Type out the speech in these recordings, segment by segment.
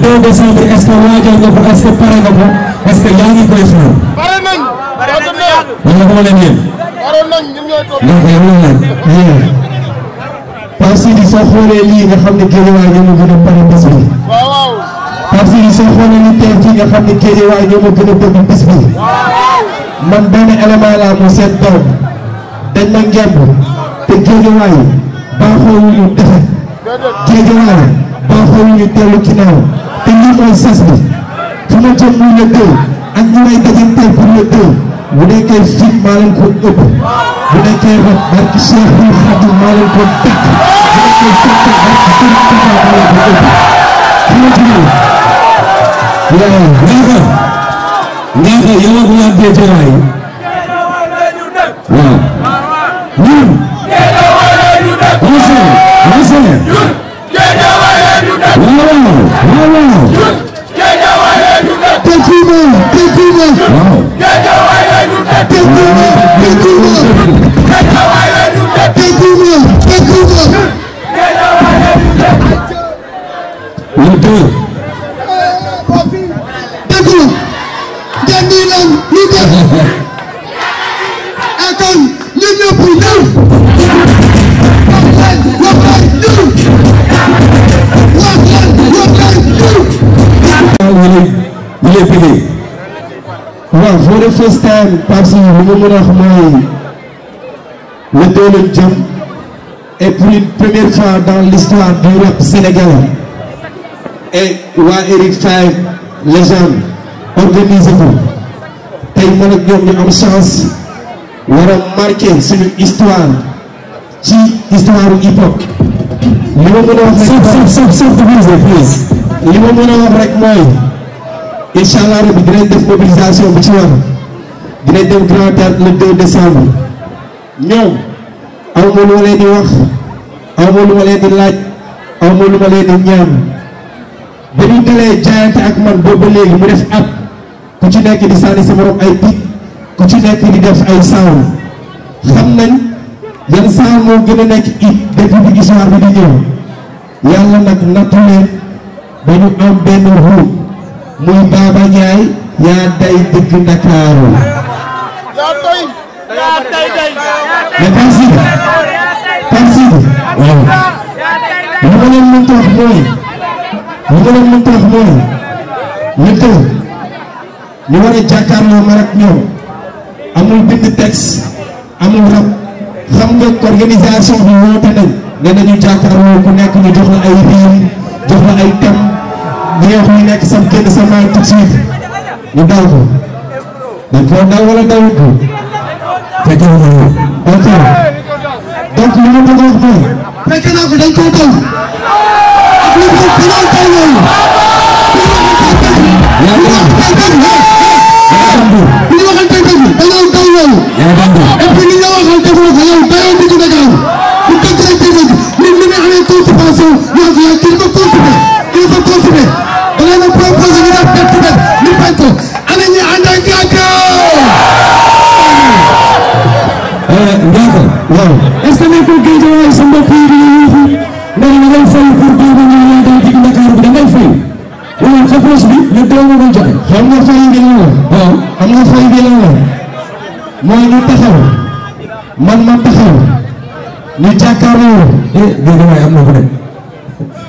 2 décembre est-ce que waajal nga ko yéen. pare nañ soo xoolee lii nga xam ne Guédiawaye ñoo ma gën a pare bés bi. waaw waaw. Pape Sidi soo xoolee li tey fii nga xam ne Guédiawaye ñoo ma gën a bëgg bés bi. man benn élément laa mu seet doom. dañ ma ngemb baaxoo wu ñu defe. Guédiawaye baaxoo wu ñu dellu ginnaaw. te lii mooy sas bi ma jëm muy le ak ñi may dajanteel pour le deux bu nekkee fit maa leen ko ëpp bu nekkee rab barki Cheikhul Khadim maa leen ko tëkk bu nekkee sant barki Serigne Touba maa leen ko ëpp fu ma jëm waaw ngaa ko ngaa ko yow ak waa Géejawaay waaw ñun. Géejawaay la ñu dëkk. Thank you. il est payé waaw volet festin parce que li ma mën a wax mooy la dooleel jëm et dans l'histoire du rap sénégalais et waa Eric Faye légende organisé ko tey man ak am chance war a marqué suñu histoire ci histoire hip hop li ma mën a wax rek. li ma mën a wax rek mooy. incha allah rabi dinañ def mobilisation bi ci war dinañ dem Grand Théâtre le 2 décembre ñoom aw ma lu ma leen di wax aw lu ma leen di laaj aw lu ma leen di ñaan ba ñu dalee jaayante ak man boobu ba léegi mu def at ku ci nekk di sànni sa morom ay picc ku ci nekk di def ay saaw xam nañ yan saaw moo gën a nekk it depuis bi histoire bi di ñëw yàlla nag nattu ba ñu am benn ruub. muy Baba Ndiaye yaa day dëgg Ndakaaru mais Pape Sidi Pape Sidi waaw li ma mooy li ma leen mën mooy ñu tëw ñu war a jàkkaarloo ma rek ñoom amul bind texte amul rab xam nga organisation bi woote nañ ne nañu jàkkaarloo ku nekk ñu jox la ay riim jox la ay thème li nga wax mu nekk sa génn sa maay tout de suite ñu daw ko dañ koo daw wala dawul ko fekk na ko ok donc li ma bëgg a wax mooy fekk naa ko dañ koo daw ak li mu daw daw loolu yaa ngi li ñu waxal tey dëgg dañoo daw loolu et puis li nga waxal defoo ko yow dayoo bi dina gaaw bu dëgg rek tey dëgg nit ñi nga amee constipation yow yaa kii dafa constipé ñu ko confirmé da leen a proposé ñu def benn poubelle ñu bañ ko ana ñi ànd ak Ndiaka. Ndiaka waaw est-ce que nekkul géej waaye sa mbokk yi dañuy yuuxu ndax da ngay fay pour boobu ñu laa day dig Ndakaaru bi da ngay fay wala réponse bi le deux nga koy joxe. xam nga fay bi lan la. waaw xam nga fay bi lan la mooy ñu taxaw man ma taxaw ñu jàkkaarloo. eh géej waaye am na ko de.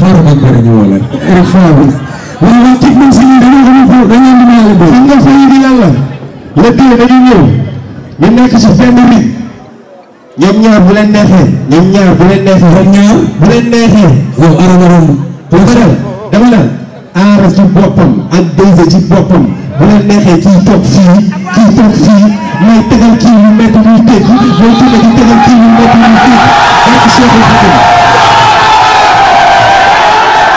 xaaral maa ngi bëri ñu woo leen. waaw eh, waaw waaw teg nañ si ñun dañoo xam ne dañoo mën a yàlla béy. suñ ko fayee di yàlla. le deux dañuy ñu nekk si benn rythme. ñoom ñaar bu leen neexee. ñoom ñaar bu leen neexee. ñoom ñaar bu leen neexee. yow aar nga romb. ci boppam ak deuxième ci boppam bu leen neexee kii toog fii kii toog fii mooy tegal kii yu métti muy tëj mooy tegal kii yu métti muy tëj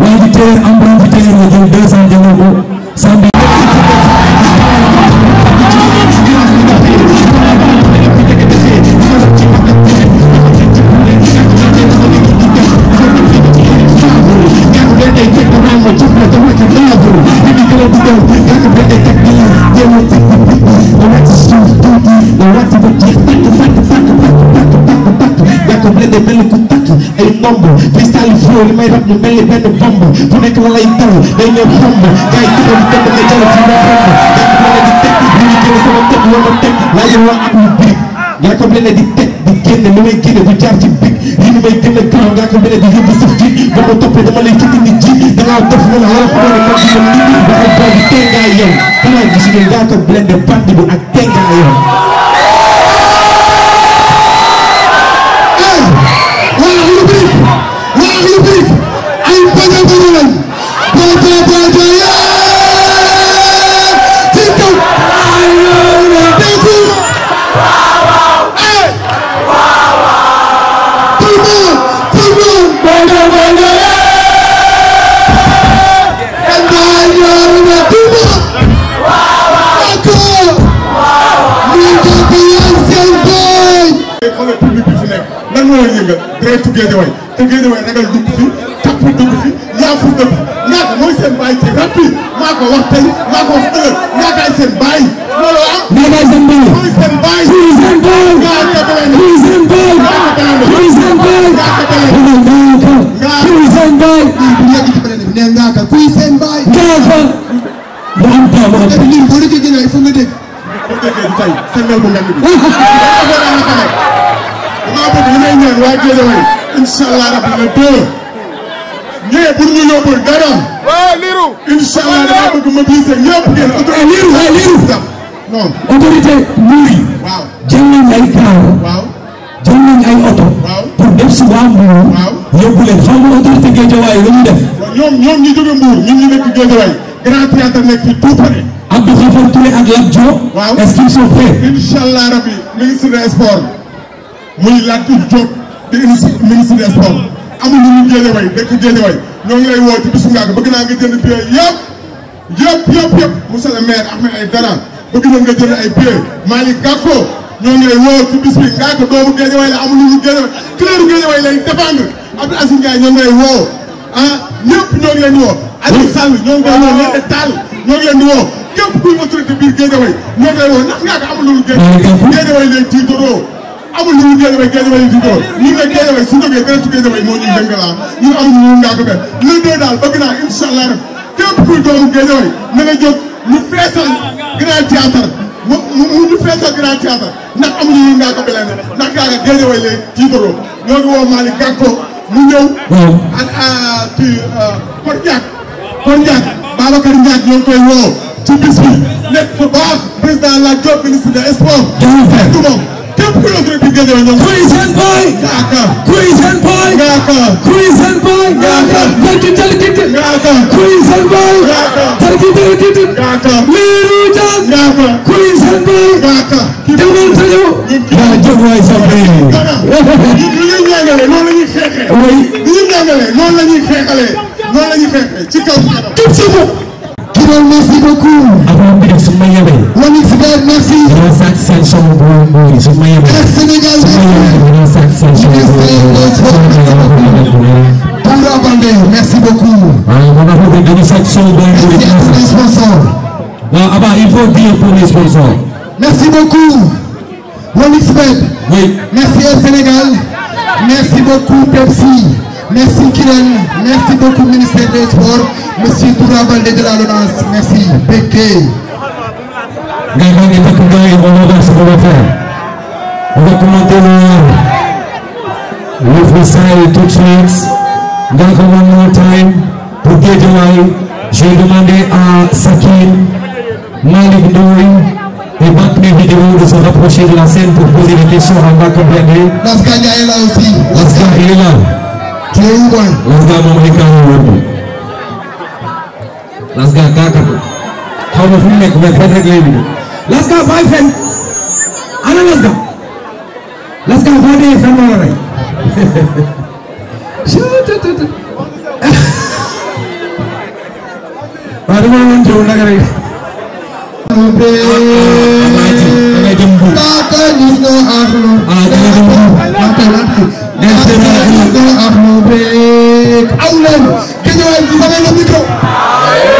waaye di téer emprunté téer nga jël deux cent jëndoo ko samedi vidéo li may rab ñu mel ni benn bomb bu nekk la lay taw day ne bomb gars yi jëloon tëb nga jël ci ma bomb gars yi la di teg bu ñu jëlee sama teg wala teg laa yor waa ak lu birig ngaa ko mel ne di teg di génne li may génne du jaar ci big yi ni may gën a gaaw ngaa ko mel ne di yóbbu saf ji ba ma toppee dama lay fekk ni ji dangaa def wala wala ko mel ne man dina lii waaye boobu tey ngaa yow danaa gis ne ngaa ko mel ne bandi bi ak tey ngaa yow mooy yëngal deretu Guédiawaye te Guédiawaye ragal dugg fi tapp dugg fi yaafu dugg naag mooy seen baay ci rappi maa ko wax tey maa ko wax ëllëg naagaay seen baay. loolu ah. naagaay seen baay. mooy seen baay. kuy seen baay. kuy seen baay. kuy seen baay. kuy seen baay. nee ngaa ka kuy seen baay. ngaa ka. mu am temps mu am temps. boo déggee Guédiawaye il faut nga dégg. boo déggee tey seen mel bu ngand bi. dama waa liiru. incha allah yi. waaw eh, eh, ay kaar. waaw ay oto. pour def si waa Mbour. waaw yóbbu leen xam nga la def. ñoom ñoom ñu jóge Mbour ñun ñu nekk Guédiawaye grand théâtre nekk fii tout près. Abdou Khafor Touré ak Lat Diop. waaw est muy laaj pour Diop di ministre des sports amuñu ñu Géejawaay dëkk Géejawaay ñoo ngi lay woo ci bisu Ngaka bëgg naa nga jënd billet yëpp yëpp yëpp yëpp monsieur le maire Ahmed Aïdara bëgg na nga jënd ay billet Malick Gakou ñoo ngi lay woo ci bis ñoo ngi woo ah ñëpp ñoo ngi leen di woo Aliou Sall leen di woo amul lu ñu géejawee géejawee yi di doon ñun nag géejawee su jógee dara ci géejawee moo ñuy dëngalaa ah. ñun amuñu lu ngaa ko benn le deux daal bëgg naa incha na nga jóg ñu feesal feesal grand théâtre ndax amuñu lu ngaa gaa nga géejawee léegi jiitaloo ñoo ngi woo Malick Gakko mu ñëw. waaw ak kii ah, euh, Kor Ndiak. Kor Ndiak Babacar Ndiak ñoo ngi koy woo ci bis bi nekk bu baax président la Diop ministre des sports. jërëjëf moom. Christian boy. Christian boy. Christian boy. Tarki tarkit. Christian boy. Tarki tarkit. Liiru jàng. Christian boy. demal sa yow. jaajëf waay sa mbéy mi. ñu ñu ñaangalee noonu la ñuy xeexee. oui ñu ñu ñaangalee noonu la ñuy xeexalee noonu la ñuy xeexee ci kaw. képp si bopp. kii merci beaucoup. merci. dina sàcc seen soxla bu wóor yi su ma yeboo. Sénégal dina sàcc seen soxla bu wóor yi. Tamra Bandé merci beaucoup. waaw ma dafa bëgg dina sàcc soxla bu wóor yi. merci les sponsors. waaw Abba il faut dire pour les sponsors. merci beaucoup. Wonixbet. oui. merci Air Sénégal. merci beaucoup Pepsi. merci Kirène. merci beaucoup ministère des sports. monsieur Toura Baldé de la LONASE merci. Béké. Gagner des combats et relancer ce qu'on va faire. On va commenter le, le freestyle tout de suite. Donc, one more time pour Guédiouaï. J'ai demandé à Sakin, Malik Ndoui et Bakne Vidéo de se rapprocher de la scène pour poser des questions à Bakne Bernier. Laska est là aussi. Laska est là. Tu es où, moi Laska, mon mec, Las Gacacas. How much we make, we're better Laska booy fen ana Laska Laska boo dee fen wala rey waaw dama doon jëw naka rek ah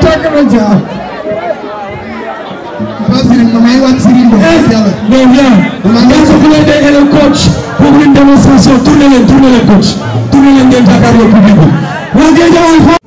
Talk about job. mais eh, bien bien que vous ayez le coach pour une démonstration tournez leen tournez leen coach tournez leen ngeen jàkkaarloo public bi